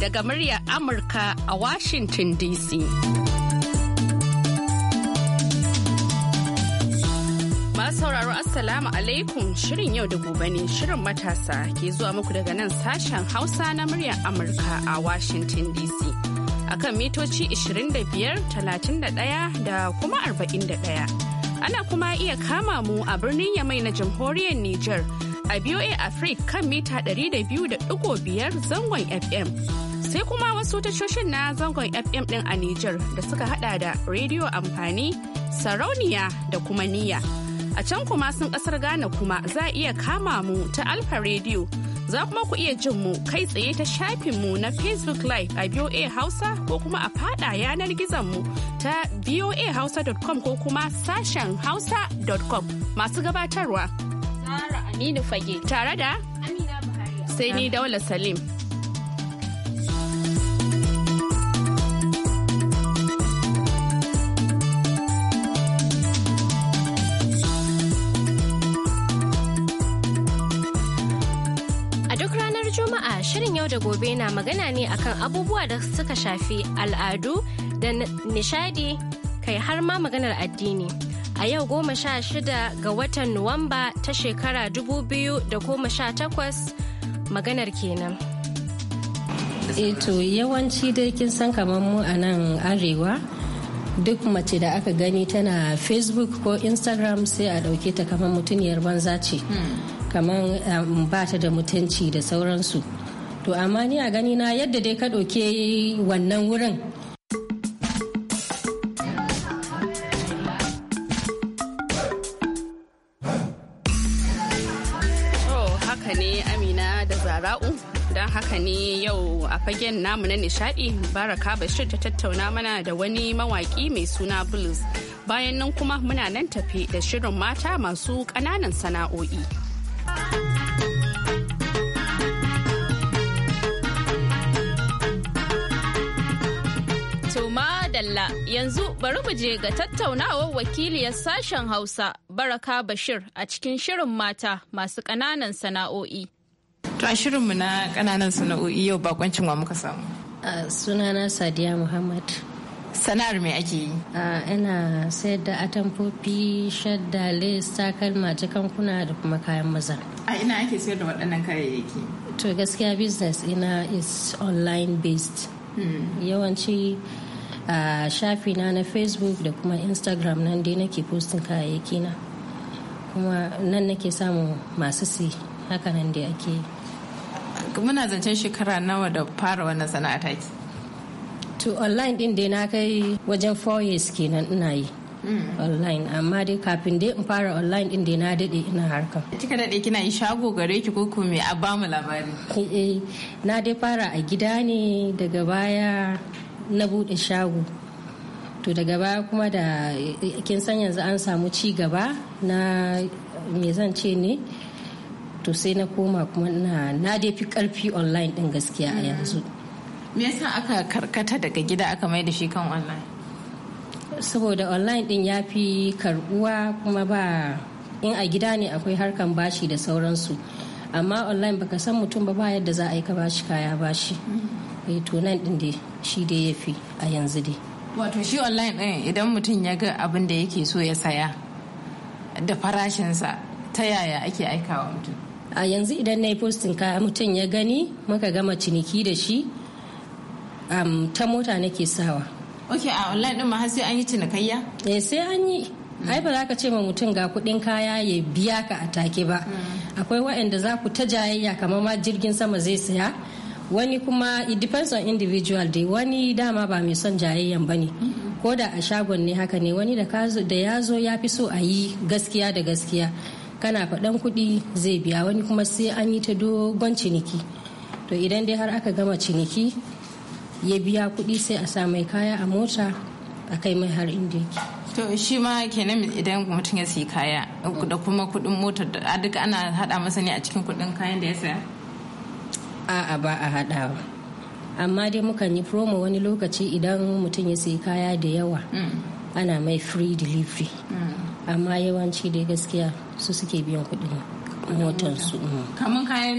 Daga muryar Amurka a Washington DC. Masu sauraro Assalamu alaikum shirin yau da gobe ne shirin matasa ke zuwa muku daga nan sashen Hausa na muryar Amurka a Washington DC. akan mitoci 25, 31 da kuma 41. Ana kuma iya kama mu a birnin Yamai na jamhuriyar Nijar a BOA Africa kan mita 200.5 zangon FM. Sai kuma wasu tashoshin na zangon FM din a Nijar da suka hada da rediyo amfani, sarauniya da kuma niyya. A can kuma sun kasar Ghana kuma za a iya kama mu ta Alfa Radio. Za kuma ku iya jin mu kai tsaye ta shafin mu na Facebook Live a VOA Hausa ko kuma a fada yanar gizon mu ta voahausa.com ko kuma sashen hausa.com masu gabatarwa. Aminu Fage. Tare da? Amina Buhari. Sai ni Daula Salim. da gobe na magana ne akan abubuwa da suka shafi al'adu da nishadi kai har ma maganar addini. A yau goma sha shida ga watan Nuwamba ta shekara dubu biyu da goma sha takwas maganar kenan. Eto eh yawanci dai kin san kamar mu a nan arewa duk mace da aka gani tana facebook ko instagram sai a dauke ta kamar mutuniyar banza ce. Hmm. kamar bata um, ba ta da mutunci da sauransu to amma ni a gani na yadda dai ka ɗauke wannan wurin Zara'u don haka ne yau a fagen namu na nishadi Baraka Bashir ta tattauna mana da wani mawaki mai suna Blues. Bayan nan kuma muna nan tafi da shirin mata masu ƙananan sana'o'i. To Dalla yanzu bari mu je ga tattaunawar wakiliyar sashen Hausa Baraka Bashir a cikin shirin mata masu ƙananan sana'o'i. To a shirinmu na ƙananan sana'o'i yau bakoncin wa muka samu. Uh, sunana Sadiya Muhammad. Sana'ar mai ake yi? ina sayar da atamfofi, shadda, lace, takalma, jakankuna da kuma kayan maza. A ina ake sayar da waɗannan kayayyaki? To gaskiya business ina is online based. Hmm. Yawanci a shafina na facebook da kuma instagram nan dai nake postin kayayyaki na kuma nan nake samun masu si haka nan da ake yi muna zancen shekara nawa da fara wannan sana'a ki to online din dai na kai wajen 4 years kenan ina yi mm. online amma dai kafin dai in fara online din dai na dade ina harka kika dade kina yi shago gare ki ko kuma a ba mu labari eh, eh, na dai fara a gida ne daga baya na bude shago to daga baya kuma da kin san yanzu an samu ci gaba na me zan ce ne to sai na koma kuma na na dai fi karfi online din gaskiya a mm. yanzu me yasa aka karkata daga gida aka mai da shi kan online saboda online din ya fi karbuwa kuma ba in a gida ne akwai harkan bashi da sauransu amma online baka san mutum ba ba yadda za a yi ka bashi kaya bashi mm. eh, to nan din dai shi dai ya fi a yanzu dai wato shi online ɗin idan mutum ya ga abin da yake so ya saya da farashinsa ta yaya ake aikawa mutum a yanzu idan na yi postin kaya mutum ya gani muka gama ciniki da shi um, ta mota nake sawa ok a online ɗin ma har sai an yi cinikayya eh sai an yi mm. ai ba za ka ce ma mutum ga kuɗin kaya ya biya ka a take ba mm. akwai waɗanda za ku ta jayayya kamar ma jirgin sama zai saya wani kuma it depends on individual dai wani dama ba mai son jayayyan bane ko da a shagon ne haka ne wani da ya zo ya fi so a yi gaskiya da gaskiya kana faɗan kuɗi zai biya wani kuma sai an yi ta dogon ciniki to idan dai har aka gama ciniki ya biya kuɗi sai a sa mai kaya a mota a kai mai har inda to shi ma kenan idan mutum ya sayi kaya da kuma kuɗin motar da duka ana haɗa masa ne a cikin kuɗin kayan da ya saya a'a ba a haɗawa amma dai mukan yi promo wani lokaci idan mutum ya sayi kaya da yawa mm. ana mai free delivery mm. amma yawanci dai gaskiya su suke biyan kuɗin motarsu. Mm. kamar kayan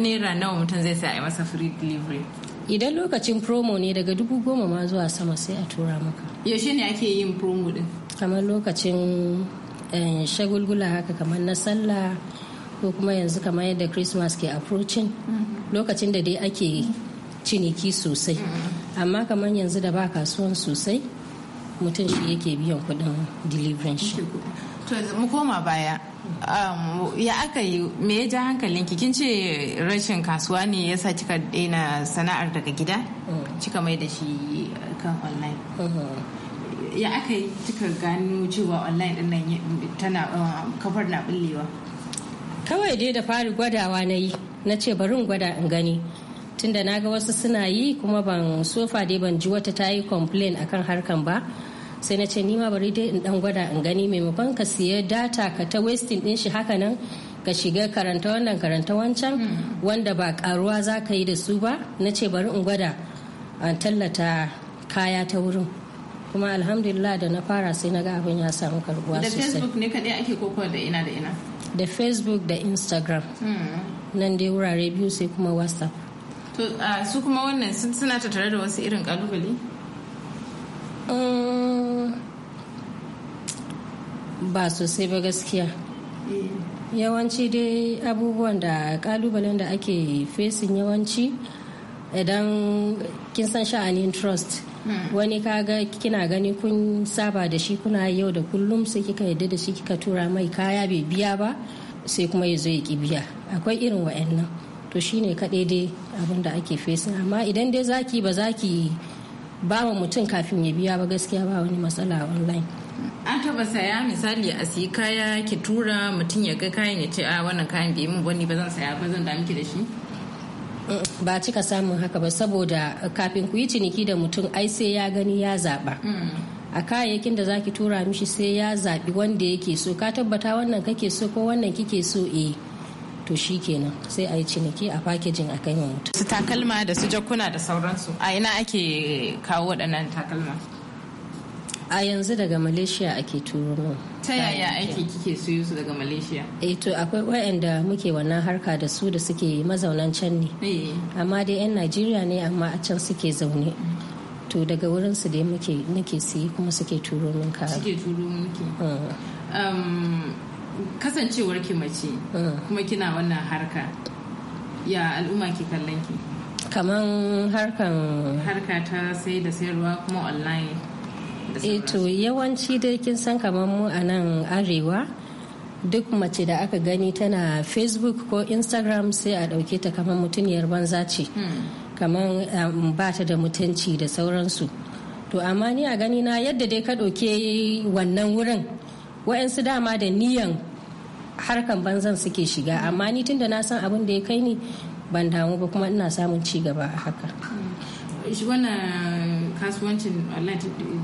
naira nawa mutum zai sai a masa free delivery idan lokacin promo ne daga dubu goma ma zuwa sama sai a tura maka yaushe ne ake yin promo din kamar lokacin eh, shagulgula haka kamar na sallah ko kuma yanzu kamar yadda christmas ke approaching lokacin da dai ake ciniki sosai mm-hmm. amma kamar yanzu da ba kasuwan sosai mutum shi yake biyan kudin delivery shi to mu koma baya um, ya aka yi me ya ja hankalinki kin ce rashin kasuwa ne ya sa kika daina sana'ar daga gida cika mm. mai da shi kan online mm-hmm. ya aka yi kika gano cewa online din nan tana uh, kafar na bullewa kawai dai da fari gwadawa na yi na ce bari in gwada in gani tunda na ga wasu suna yi kuma ban sofa dai ban ji wata ta yi complain akan harkan ba sai na ce ni ma bari dai in dan gwada in gani maimakon ka siya data ka ta wasting din shi haka nan ka shiga karanta wannan karanta wancan mm. wanda ba karuwa za ka yi da su ba na ce bari in gwada an tallata kaya ta wurin kuma alhamdulillah da na fara sai na ga abin ya samu karbuwa sosai da facebook ne kadai ake koko da ina da ina da facebook da instagram mm. nan dai wurare biyu sai kuma whatsapp to su kuma wannan suna tattare da wasu irin kalubale mm. ba sosai ba gaskiya eh. yawanci dai abubuwan da kalubalen da ake fesin yawanci idan kin san sha'anin trust hmm. wani kaga kina gani kun saba da shi kuna yau da kullum sai kika yadda da shi kika tura mai kaya bai biya ba sai kuma ya zo ya ki biya akwai irin wa'annan to shine kaɗai dai abin da ake fesa amma idan dai zaki ba zaki ba wa mutum kafin ya biya ba gaskiya ba wani matsala online an taba saya misali a siyi kaya ki tura mutum ya ga kayan ya ce a ah, wannan kayan bai mun bane ba zan saya ba zan da miki da shi ba cika samun haka ba saboda kafin ku yi ciniki da mutum ai sai ya gani ya zaba hmm. a kayayyakin da zaki tura mishi sai ya zaɓi wanda yake so ka tabbata wannan kake so ko wannan kike so eh to shi kenan sai a yi ciniki a fakejin a kai mutum. su takalma da su jakuna da sauransu a ina ake kawo waɗannan takalma a yanzu daga malaysia ake turo mu ta yaya aiki kike siyo su daga malaysia eh to akwai wayanda muke wannan harka da su da suke mazaunan can ne eh. amma dai yan najeriya ne amma a can suke zaune mm -hmm. to daga wurin su dai muke nake siyi kuma suke turo min ka suke turo miki mm. um, kasancewar ki mace mm. kuma kina wannan harka ya al'umma ke kallon ki kaman harkan harka ta sai da sayarwa kuma online e to yawanci dai kin san kamar mu a nan arewa duk mace da aka gani tana facebook ko instagram sai a ɗauke ta kamar mutuniyar banza ce hmm. kamar um, ba ta da mutunci da sauransu to amma ni a gani na yadda dai ka ɗauke wannan wurin wa'yansu dama da niyan harkan banzan suke shiga amma ni tunda na san abin da ya kai ni ban damu ba kuma ina samun ci gaba a haka shi wannan kasuwancin online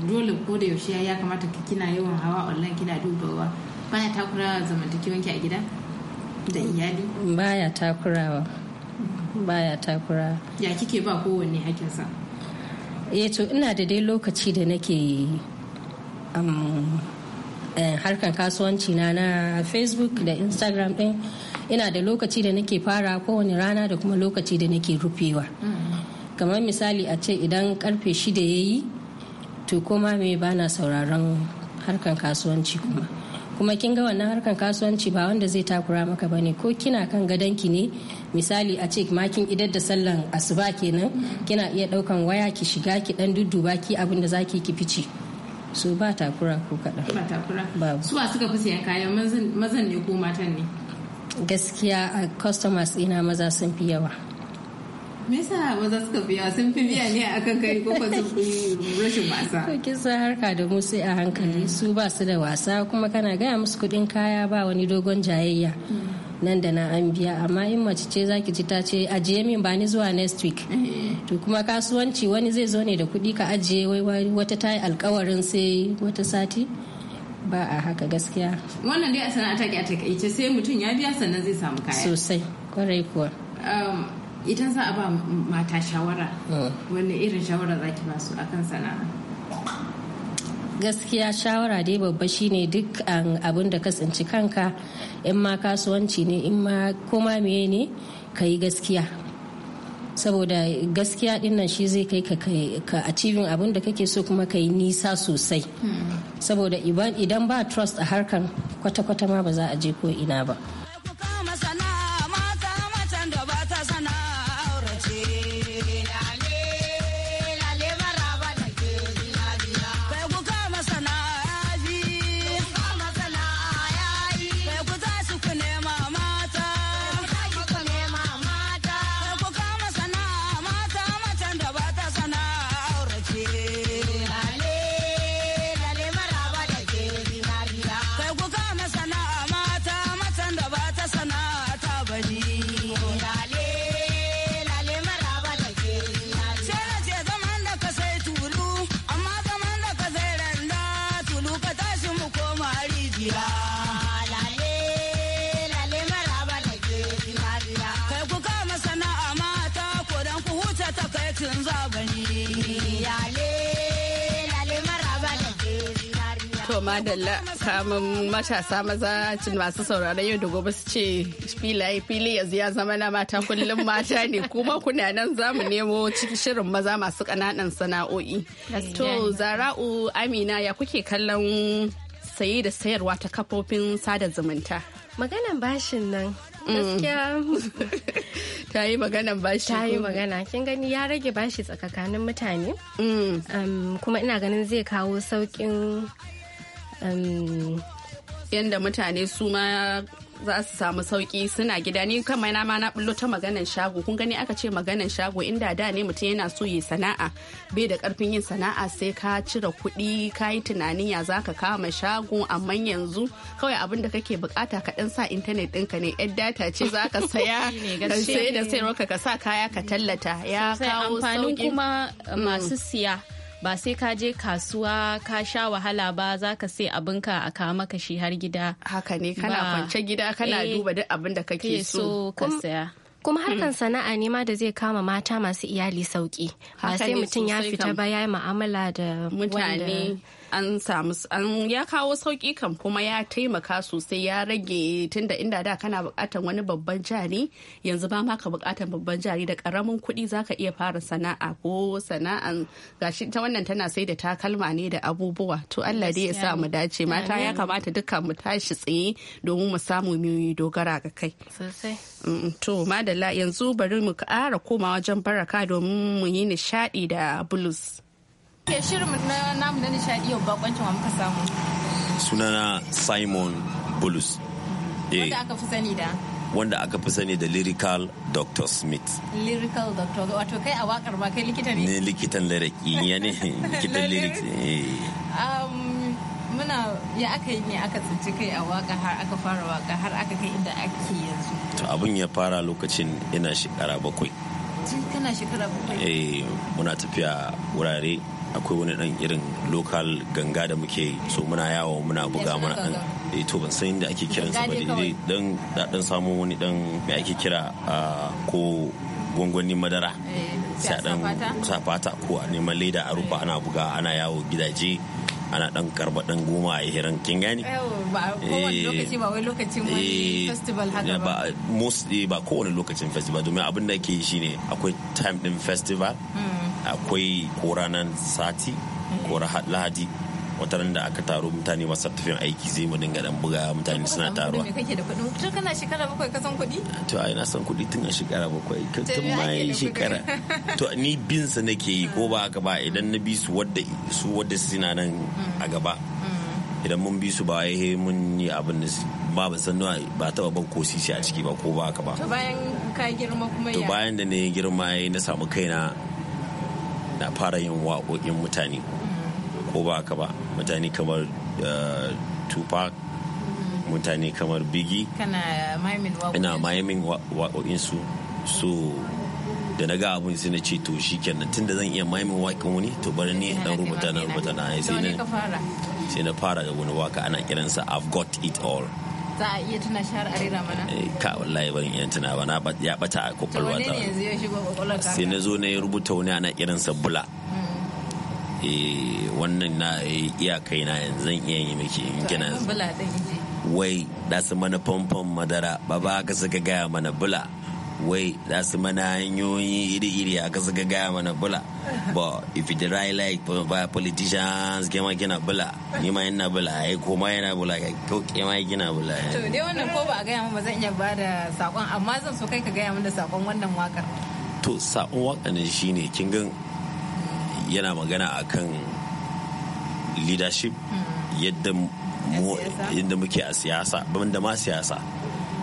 dole ko da yaushe ya kamata ka kina yawan hawa online kina dubawa baya takura zamantakewanki a gida da iyali baya takurawa baya takura ya kike ba kowanne hakinsa eh to ina da dai lokaci da nake um, eh, harkar kasuwanci na na facebook da instagram din ina da lokaci da nake fara kowane rana da kuma lokaci da nake rufewa mm. kamar misali a ce idan karfe shida ya yi to koma me bana sauraron harkar kasuwanci kuma kuma kin ga wannan harkan kasuwanci ba wanda zai takura maka ba ne ko kina kan gadonki ne misali a ce makin idar da sallan asuba kenan kina iya daukan waya ki shiga ki dan dudduba ki abin da zaki ki fice so ba takura ko kaɗan ba takura ba suka fi kayan mazan ne ko matan ne gaskiya a customers ina maza sun fi yawa me yasa maza suka biya sun fi biya ne a kan kai ko sun fi rashin wasa to kisa harka da mu sai a hankali mm. su ba su da wasa kuma kana gaya musu kudin kaya ba wani dogon jayayya mm. nan da na an biya amma in mace ce za ki ji ta ce ajiye min ba ni zuwa next week eh, eh. to kuma kasuwanci wani zai zo ne da kuɗi ka ajiye wai wata ta yi alkawarin sai wata sati ba a haka gaskiya wannan dai a sana'a ke a takaice sai mutum ya biya sannan zai samu kaya sosai kwarai kuwa um, idan za a ba mata shawara ah. wani irin shawara za ki basu akan sana'a gaskiya shawara dai babba shine duk um, abin da ka tsinci kanka in ma kasuwanci ne in ma koma meye ne ka yi gaskiya saboda gaskiya dinnan shi zai kai ka achieving abin da kake so kuma ka yi nisa sosai hmm. saboda idan ba trust a harkan kwata-kwata ma ba za a je ko ina ba To madalla kamun matasa maza masu sauraron yau da gobe su ce filaye fili yanzu ya zama na mata kullum mata ne kuma kuna nan za mu nemo cikin shirin maza masu kananan sana'o'i. To zara'u amina ya kuke kallon saye da sayarwa ta kafofin sada zumunta. Maganan bashin nan mm. gaskiya ta yi maganan bashi ta yi magana kin gani ya rage bashi tsakakanin mutane mm. kuma ina ganin zai kawo saukin yadda mutane su ma za su samu sauki suna gida ni kan mai ma na bullo ta maganan shago kun gani aka ce maganan shago inda da ne mutum yana so yi sana'a bai da karfin yin sana'a sai ka cire kuɗi ka yi tunanin ya za ka kama shago amma yanzu kawai abin da kake bukata ka dan sa intanet ɗinka ne yar data ce za ka saya ka sai da sa kaya ka tallata ya kawo sauki kuma mm. masu siya ba sai ka je kasuwa ka sha wahala ba za ka sai abinka a kawo maka shi har gida haka ne kana kwance gida kana eh. duba duk abin da kake eh, so ka saya kuma mm. harkan sana'a ne ma da zai kama mata masu iyali sauki ba sai mutum ya fita ba ya yi mu'amala da mutane an samu an ya kawo sauki kan kuma ya taimaka sosai ya rage tunda inda da kana bukatan wani babban jari yanzu ba ma ka bukatan babban jari da karamin kuɗi zaka iya fara sana'a ko sana'an gashi ta wannan tana sai da takalma ne da abubuwa to Allah dai ya sa mu dace mata ya kamata dukkan mu tashi tsaye domin mu samu mu dogara ga kai sosai to madalla yanzu bari mu ƙara koma wajen baraka domin mu yi nishadi da blues ok shirin na namu na nishadi yau bakwancin wa muka samu sunana simon bulus mm-hmm. eh. wanda aka fi sani da wanda aka fi sani da lyrical dr smith lyrical dr wato kai a wakar ma kai likita ne ne likitan lyric ya ne likitan lyric eh. um, muna ya aka yi ne aka tsinci kai a waka har aka fara waka har aka kai inda ake yanzu to abin ya fara lokacin ina shekara bakwai tun kana shekara bakwai eh muna tafiya wurare akwai wani dan irin local ganga da muke so muna yawo muna buga muna dan eh to ban san inda ake kiran su ba dai dan da dan samu wani dan me ake kira ko gwangwani madara eh, sai dan sa fata ko a neman leda a rufa eh. ana buga ana yawo gidaje ana dan karba dan goma a hirin kin gani ba kowane eh. lokaci ba wai lokacin wani festival haka ba ba kowane lokacin festival domin abin da ke yi shine akwai time din festival hmm. akwai kora nan sati ko lahadi wataran da aka taro mutane masu tafiyan aiki zai mu dinga dan buga mutane suna taruwa. da shekara bakwai ka kuɗi? To ai na san kuɗi tun a shekara bakwai tun ma yi shekara. To ni bin sa nake yi ko ba haka ba idan na bi su wadda su wadda suna nan a gaba. Idan mun bi su ba ya mun yi abin da ba ba san ba taba ban ko sisi a ciki ba ko ba haka ba. To bayan ka girma kuma ya. To bayan da na girma na samu kaina na fara yin waƙoƙin mutane ko ba haka ba mutane kamar eh, tupac mutane kamar bigi ina mayamin waƙoƙinsu so da na ga abin sai na ce to shi kenan tun da zan iya mayamin waƙin wani to bari ne dan rubuta na rubuta na sai na fara da wani waka ana kiransa i've got it all za a iya tuna shahar a rera mana eh, ka wallahi ban iya tuna ba na ya bata a kwakwalwa ta wani yanzu ya shigo kwakwalwa ka sai na zo na rubuta wani ana irin sabula hmm. eh, wannan na eh, iya kai na yanzu zan iya yi miki in gina wai da su mana famfon madara ba ba ka suka gaya mana bula wai za su mana hanyoyi iri-iri a kasa ga gaya mana bula Ba if you try like by politicians kema kina bula ni ma yana bula ai ko ma yana bula kai ko kema kina bula to dai wannan ko ba a gaya min ba zan iya ba da sakon amma zan so kai ka gaya min da sakon wannan wakar to sakon wakar ne shine kin gan yana magana akan leadership hmm. yadda yadda muke a siyasa ban ma siyasa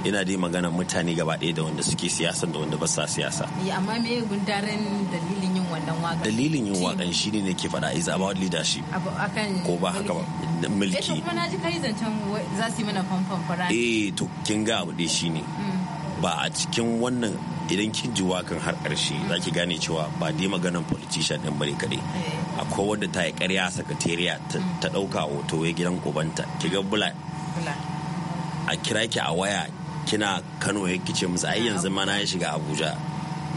ina dai magana mutane gaba ɗaya da wanda suke siyasa da wanda ba sa siyasa amma me gundaren dalilin yin wannan waƙa? dalilin yin waƙan shine ne ke faɗa is about leadership akan ko ba haka ba mulki eh, kuma na ji kai zancen za su yi mana famfan fara eh to kin ga abu dai shine mm. ba a cikin wannan idan kin ji waƙan har ƙarshe mm. za ki gane cewa ba dai maganan politician ɗin bane kaɗai eh. akwai wanda ta yi ƙarya sakatariya mm. ta ɗauka hoto ya gidan kubanta ki ga bula a kira ki a waya kina Kano ya kice musu ai yanzu mana ya shiga Abuja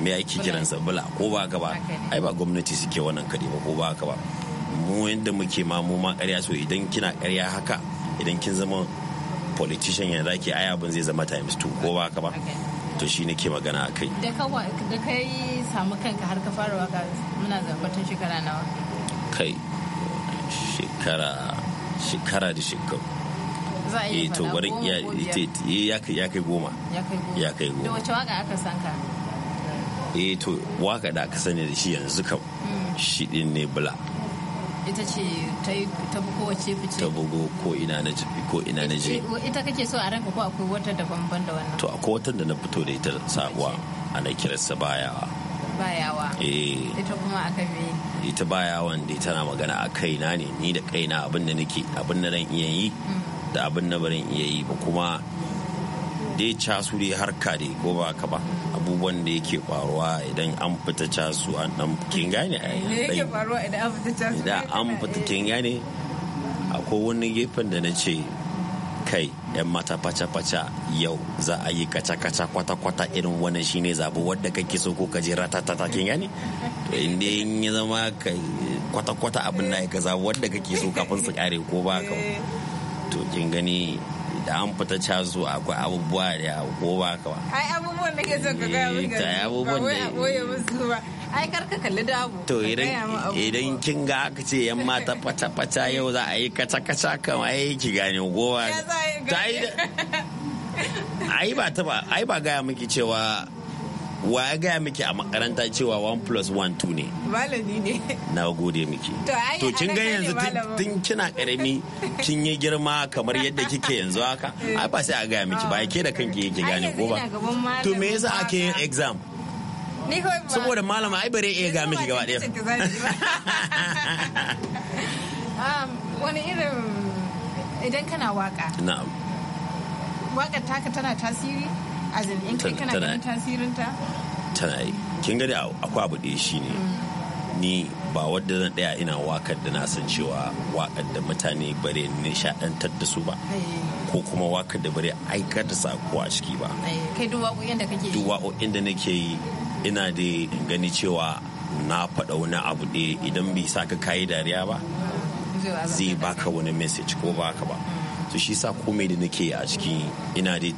me yake sa bula ko ba ka ba ai ba gwamnati suke wannan kadi ba ko ba ka ba mu yadda muke ma mu ma ƙarya so idan kina ƙarya haka idan kin zama politician ya zaki ai abin zai zama times two ko ba ka ba to shi ne ke magana a kai da ka samu kanka har ka fara waka muna zambatun shekara nawa kai shekara shekara da shekaru eh to bari eh, ya ya ya kai goma ya kai goma da wace waka aka san ka E to waka da aka sani da shi yanzu kam mm. shi din ne bula ita ce ta bugo wace fice ta bugo ko ina na je ko ina na je ita kake so a ranka ko akwai wata daban ban da wannan to akwai wata da na fito da ita sabuwa ana kiransa bayawa bayawa eh ita kuma aka bi ita bayawan da tana magana a kaina ne ni da kaina abin da nake abin da ran iya yi mm. da abin da barin iya yi ba kuma dai casu dai harka dai ko ba ka ba abubuwan da yake faruwa idan an fita casu an dan kin gane yake faruwa idan an fita casu idan an fita kin gane akwai wani gefen da na ce kai yan mata faca-faca yau za a yi kaca-kaca kwata-kwata irin shi shine zabu wadda kake so ko je ratatata kin gane to inda in ya zama kwata-kwata abin da ka zabu wadda kake so kafin su kare ko ba ka ba eh. to kin gani da an fita zuwa akwai abubuwa da ya ba ai abubuwan da ke son ka gaya mun gari eh, ba wai a boye musu ba ai karka kalli abu to idan kin ga aka ce yan mata fata fata yau za a yi kaca kaca kan ai ki gane gowa ta ai ba ta ba ai ba gaya miki cewa wa ya gaya miki a makaranta cewa 1 plus 1 2 ne malami ne na gode miki to kin ga yanzu tun kina karami kin yi girma kamar yadda kike yanzu haka eh. ai ba sai a gaya miki ba ke da kanki yake gane ko ba to me yasa ake yin exam saboda malama ai bare iya ga miki gaba daya um, wani irin idan kana waka na'am waka taka tana tasiri azin kana tasirinta tana yi kin gani akwai abu ɗaya shi ne ni ba wadda zan ɗaya ina wakar da na san cewa wakar da mutane bare nishaɗantar da su ba ko kuma wakar da bare aikar da sako a ciki ba kai duk waƙoƙin da yi da nake yi ina da gani cewa na faɗa wani abu ɗaya idan bai sa ka kayi dariya ba zai baka wani message ko baka ba mm. To shi sa komai da nake a ciki ina da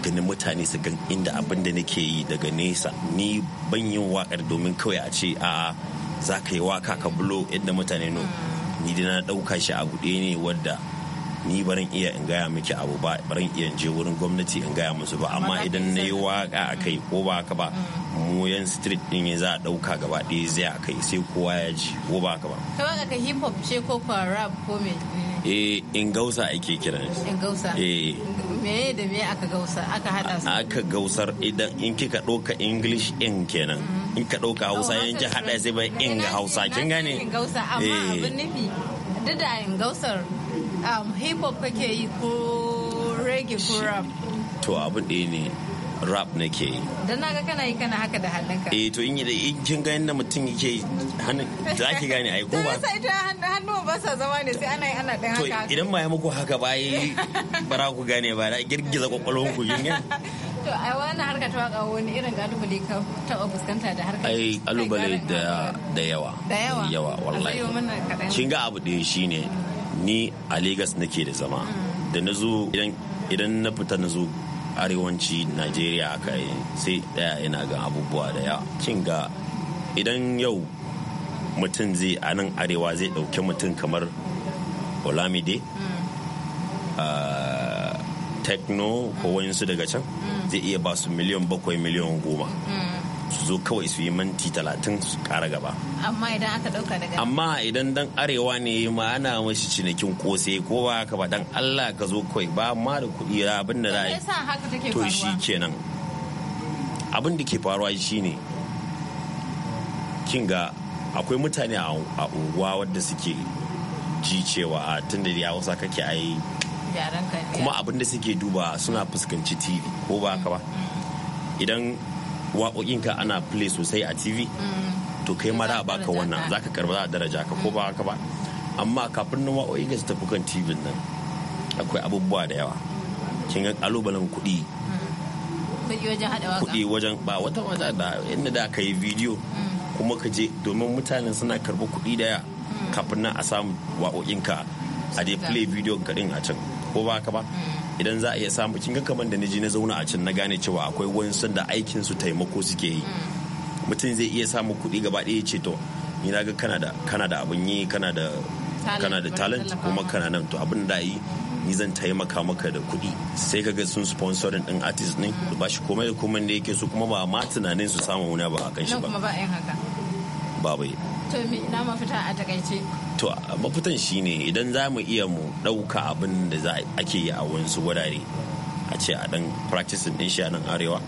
ganin mutane su gan inda abin da nake yi daga nesa ni ban yin wakar domin kawai a ce a za ka yi waka ka bulo inda mutane no mm. ni da na ɗauka shi a buɗe ne wadda ni barin iya in gaya miki abu ba barin iya je wurin gwamnati in gaya musu ba amma idan na yi waka a kai ko ba haka ba mm. mu street din ya za a dauka gaba ɗaya zai a kai sai kowa ya ji ko ba haka ba ka hip hop ce ko kwa rap ko me eh in gausa ake kiran in gausa eh me da aka gausar idan in kika ɗauka english in kenan mm-hmm. in ka ɗauka hausa oh, in ki hada sai bai in ga hausa kin gane eh. um, hip hop kake yi ko reggae ko rap to abu ɗaya ne rap nake yi dan naga kana yi kana haka da hannunka eh to in in kin ga yanda mutum yake hannun za ki gane ai ko ba sai ta Hannu ba sa zama ne sai ana yi ana dan haka to idan ma ya muku haka ba yi bara ku gane ba da girgiza kokolon ku kin gane to a wannan harka ta waka wani irin kalubale ka taɓa fuskanta da harka ai kalubale da da yawa da yawa yawa wallahi kin ga abu ɗaya shine ni a Lagos nake da zama mm. da na zo idan na fita na zo arewanci najeriya aka yi sai daya yana ga abubuwa da ya ga idan yau mutum zai a nan arewa zai dauke mutum kamar olamide mm. ah, tekno ko wani su daga can mm. zai iya ba su miliyan bakwai miliyan goma mm. su zo kawai su yi minti talatin su kara gaba amma idan aka dauka daga amma idan dan arewa ne ma ana mashi cinikin kose ko ba haka ba dan Allah ka zo kawai ba ma da kuɗi abin da za to shi kenan abin da ke faruwa shine kin ga akwai mutane a unguwa wadda suke ji cewa a ah, tun da wasa kake a yi kuma abin da suke duba suna fuskanci tv ko ba haka ba mm-hmm. idan waƙoƙinka ana play sosai a tv mm. to kai ma za a baka wannan za ka karba za a daraja ka ko ba haka ba amma kafin nan waƙoƙinka su tafi kan tv nan akwai abubuwa da yawa kin ga kalubalen kuɗi mm. kuɗi wajen ba wata wata da inda da ka yi bidiyo mm. kuma ka je domin mutanen suna karɓi kuɗi daya kafin nan a samu waƙoƙinka a dai play bidiyon din a can ko ba haka ba idan za a iya samu kin ga kamar da ji na zauna a can na gane cewa akwai wani sanda aikin su taimako suke yi mm. mutum zai iya samu kuɗi gaba ɗaya ce to ni na ga kana da kana da abin yi kana da kana da talent kuma kana nan to abin da yi ni zan taimaka maka da kuɗi sai ka ga sun sponsorin din artist ne. da mm. ba shi komai da komai da yake su kuma ba ma tunanin su samu wani ba a kan shi ba ba ba to me ina idan za mu iya mu ɗauka abin da ake yi a wasu wurare a ce a dan practicing din shi a nan arewa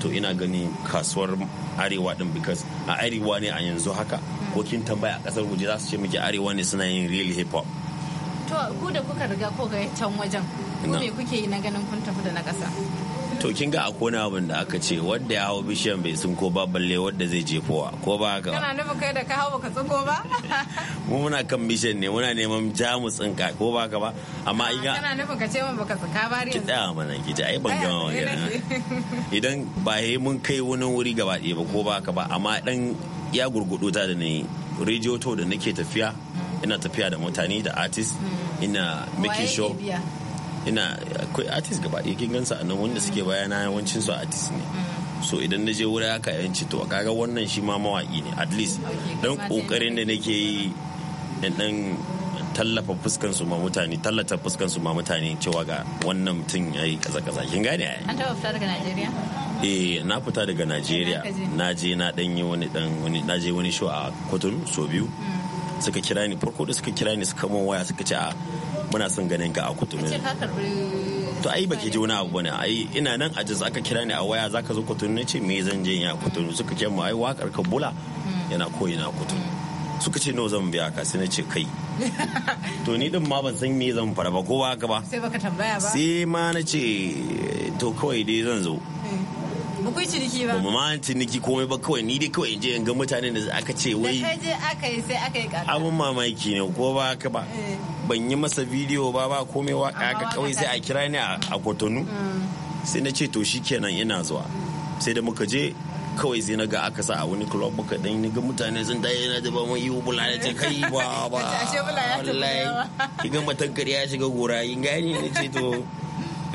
to ina gani kasuwar arewa din because a arewa ne a yanzu haka hmm. ko kin tambaya a kasar waje za su ce miki arewa ne suna yin real hip hop to ku da kuka riga ko ga can wajen ko me kuke yi na ganin kun tafi da na kasa to kin ga akwai wani abin da aka ce wadda ya hau bishiyan bai sun ko ba balle wadda zai jefowa ko ba haka kana nufi kai da ka hau baka tsinko ba mu muna kan bishiyan ne muna neman jamu tsinka ko ba haka ba amma in ga kana nufi ka ce mun baka tsaka ba yanzu ki mana ki ji ai ban gama magana idan ba he mun kai wani wuri gaba ɗaya ba ko ba haka ba amma dan ya gurgudu ta da ne rediyo to da nake tafiya ina tafiya da mutane da artist mm. ina making sure ina akwai artist gaba ɗaya kin gansa nan wanda suke mm. bayana yawancin su artist ne mm. so idan na je wuri haka yanci to kaga wannan shi ma mawaki ne at least dan kokarin da nake yi in dan tallafa fuskan su ma mutane tallata fuskan su ma mutane cewa ga wannan mutum yayi kaza kaza kin gane ai an taɓa fita daga Najeriya eh na fita daga Najeriya na je na dan yi wani dan wani na je wani show a Kotonu so biyu mm. suka kira ni farko da suka kira ni suka mun waya suka ce a ah, muna son ganin ka a kutumin to ai baki ji wani abu bane ai ina nan a jiz aka kira ni a waya zaka zo kutunu ne ce me zan je a kutunu suka ce mu ai wakar ka bula hmm. yana koyi na kutunu suka ce no zan biya ka sai na ce kai to ni din ma ban san me zan fara ba kowa ba sai baka tambaya ba sai ma na ce to kawai dai zan zo eh. ku ciniki ba. Ba ma ciniki komai ba kawai ni dai kawai je in ga mutanen da aka ce wai. Da kai je aka yi sai aka yi ƙarfi. Abin mamaki ne ko ba haka ba. Eh. Ban yi masa bidiyo ba ba komai wa aka kawai sai a kira ni a Kotonu. Mm. Sai na ce to kenan ina zuwa. Sai da muka je kawai zai na ga aka sa a wani club muka dan ga mutane sun da yana da ba mu yi bula da ta kai ba ba wallahi kiga matan ya shiga gora yin gani ne ce to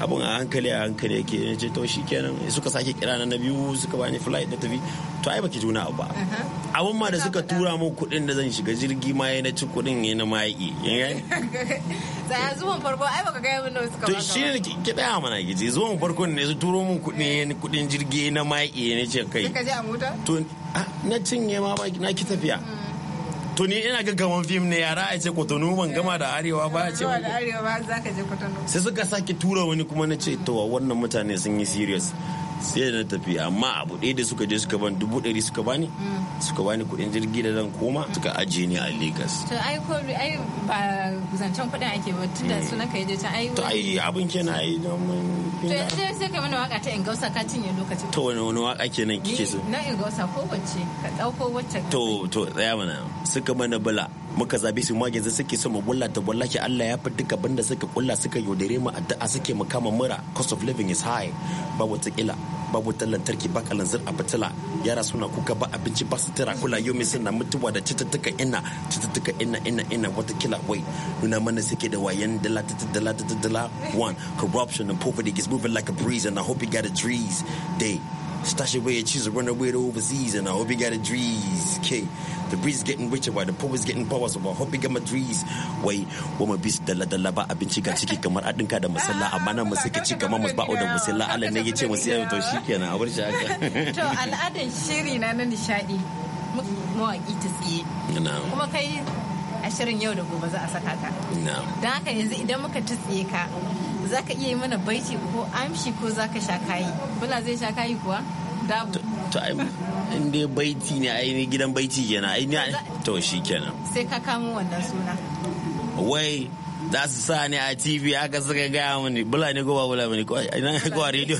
Abin a hankali a hankali yake ne ce to shikenan suka sake kira na biyu suka bani flight da tafi to ai baki juna ba uh-huh. abun ma da suka tura mu kuɗin da zan shiga jirgi ma yayi na ci kuɗin ya na mayi eh? tsaya zuwan farko ai baka gaya min suka to shi ne ki daya mana gizi zuwan farko ne su turo mun kuɗin kuɗin jirgi na mayi ne ce kai suka je a mota to na cinye ma ba na ki tafiya hmm. kotoni ina ga gaman fim ne yara a ce kotonu ban gama da arewa ba a ce ba arewa za ka je kotonu sai suka sake tura wani kuma na ce to wannan mutane sun yi serious sai da na tafi amma abu ɗaya da suka je suka ban dubu ɗari suka bani mm. suka bani kuɗin jirgi da zan koma mm. suka ajiye ni a Lagos. To ai ko ai ba zancen kuɗin ake ba tunda eh. sunan ka je ta ai. To ai abin kenan ai mun To yanzu sai ka mana waka ta in gausa ka cinye lokacin. To wani wani waka kenan kike so? Na in gausa ko wacce ka ɗauko wacce. To to tsaya mana suka mana bala muka zabe su magin suke so mu bulla ta wallahi Allah ya fi duka banda suka kulla suka yaudare mu addu'a suke mu kama mura cost of living is high ba wata kila ba wutar lantarki ba kalanzir a fitila yara suna kuka ba abinci ba sutura kula yomi suna mutuwa da cututtuka ina cututtuka ina ina ina wata kila wai nuna mana suke da wayan dala dala dala one corruption and poverty is moving like a breeze and I hope you got a drees day stash away and choose to run away to overseas and I hope you got a drees okay the breeze is getting richer while the poor is getting power so ba hobi ga madris wai wa mu bis dalla dalla ba abinci ga ciki kamar a dinka da masalla amma nan mu sake ci kamar mu ba da masalla Allah ne yace mu sai to shikenan a bar shi haka to al'adan shiri na na nishadi mawaki ta tsiye kuma kai a shirin yau da gobe za a saka ka don haka yanzu idan muka ta tsiye ka za ka iya yi mana baiti ko amshi ko za ka sha kayi bula zai sha kayi kuwa dabu to in dai baiti ne ainihin gidan baiti kenan ainihin to shi kenan sai ka kamo wannan suna wai za su sa ni a tv haka suka gaya mani bula ne ko ba bula mani ko a rediyo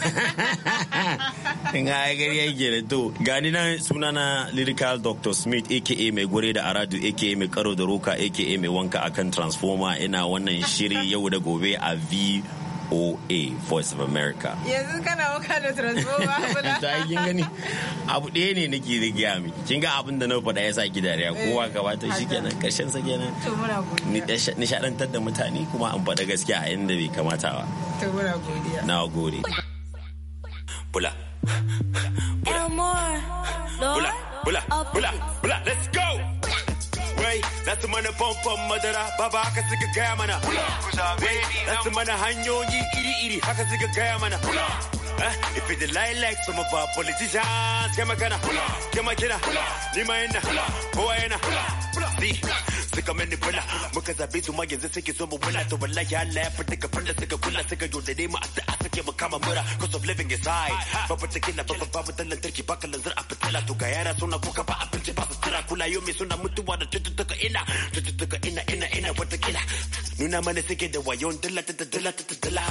in ga gari yake da to gani na suna na lyrical dr smith aka mai gure da aradu aka mai karo da roka aka mai wanka akan transformer ina wannan shiri yau da gobe a v voa voice of america yanzu kana wuka da transformer ta kin gani abu ɗaya ne nake da gaya miki kin ga abin da na faɗa ya sa ki dariya eh, kowa gaba ta shi kenan karshen sa kenan nishadantar da mutane kuma an faɗa gaskiya a inda bai kamata ba to muna godiya na gode bula bula bula bula bula bula let's go bai na su mana famfon madara baba haka suka gaya mana bai za su mana hanyoyi iri-iri haka suka gaya mana eh, If it's lie like some of our politicians, come on, come on, come on, come on, come on, come on, come on, come suka mini bula muka zabe su ma yanzu suke so mu bula to wallahi Allah ya fi duka falla suka kula suka yaudare mu a sa'a suke mu kama mura cause of living is high babu tikila babu babu tallan tarki baka lanzar a fitila to ga yara suna kuka ba abinci ba sutura kula yau mai suna mutuwa da tututuka ina tututuka ina ina ina kila. nuna mana suke da wayon dala ta dala ta dala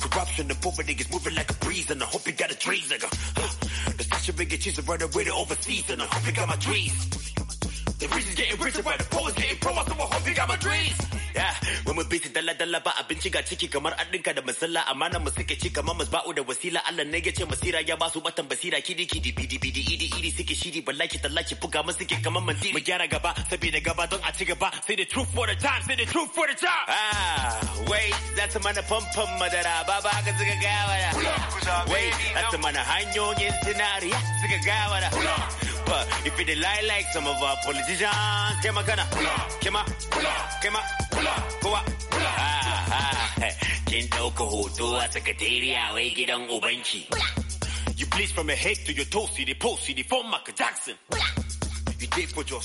corruption and poverty is moving like a breeze and I hope you got a trees nigga the stash of big cheese and run away to overseas and I hope you got my trees reasons. Getting richer by the poets, getting pro, I still hungry, got my dreams. Yeah, when we beat dala dala ba abinci ga ciki kamar an dinka da masalla amana mu suke ci kamar masba'u da wasila Allah ne ya ce masira ya ba su batan basira kidi kidi bidi bidi idi idi suke shiri ballaki tallaki buga mu suke kamar mantiri mu gyara gaba saboda gaba don a ci gaba sai the truth for the time sai the truth for the time ah wait that's mana famfan madara ah, baba ga suka gawara wait that's mana hanyoyin sinariya suka gawara Never. If it lie like some of our politicians, kema kana, kema, kema, kowa. Kin ɗauka hoto a sakatariya wai gidan ubanki. You please from your head to your toes, see the post, see the form, Michael Jackson.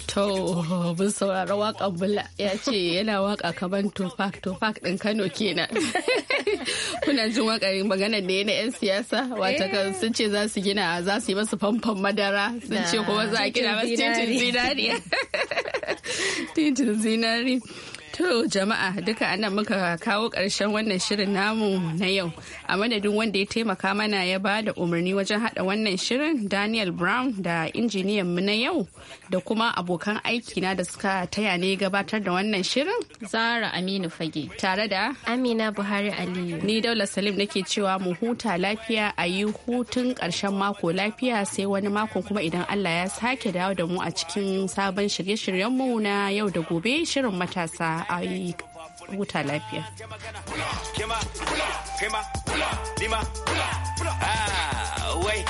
To, bin saurara waka bula ya ce yana waka kaman Tupac, Tupac ɗin Kano kenan. Kuna jin waka maganar da na 'yan siyasa wata kan sun ce za su gina za su yi masu famfon madara sun ce kuma za a gina masu titin zinari. Titin zinari. To jama'a duka anan muka kawo ƙarshen wannan shirin namu na yau a madadin wanda ya taimaka mana ya ba da umarni wajen hada wannan shirin Daniel Brown da injiniyan mu na yau da kuma abokan aiki na da suka taya ne gabatar da wannan shirin. Zara Aminu Fage. Tare da Amina Buhari Aliyu. Ni Daula Salim nake cewa mu huta lafiya a yi hutun ƙarshen mako lafiya sai wani mako kuma idan Allah ya sake dawo da mu a cikin sabon shirye-shiryenmu na yau da gobe shirin matasa Ahí... huta lafiya. wai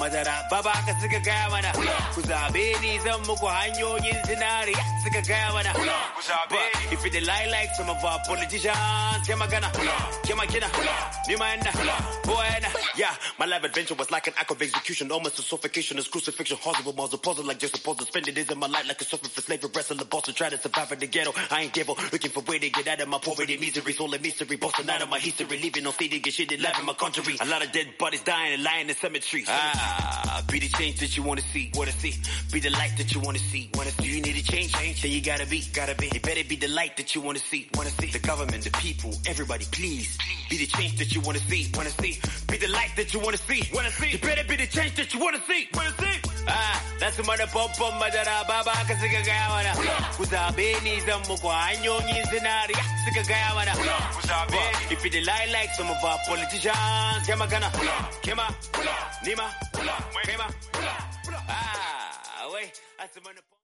madara baba ka suka gaya mana ku zabe ni zan muku hanyoyin zinari suka gaya mana ku zabe if you lie like some of our politicians ke magana ke makina ni ma yeah my life adventure was like an act of execution almost to suffocation as crucifixion horrible balls puzzle like just supposed to spend the days of my life like a suffering for slavery wrestling the boss to try to survive in the ghetto I ain't give up Looking for way to get out of my poverty, misery, soul and mystery. Busting out of my history, living on state get shit alive in my country. A lot of dead bodies dying and lying in cemeteries. Ah, be the change that you wanna see, wanna see. Be the light that you wanna see, wanna see. You need a change, change. Then you gotta be, gotta be. It better be the light that you wanna see, wanna see. The government, the people, everybody, please. Be the change that you wanna see, wanna see. Be the light that you wanna see, wanna see. You better be the change that you wanna see, wanna see. Ah, that's the mother pop pop, mother, baba, kasika, kawana. Kuzabeni, zamu, kwa anyo, million dinari suka gaya mana ku zabe if you lie like some of our politicians ya magana kema nima kema ah wai asmanu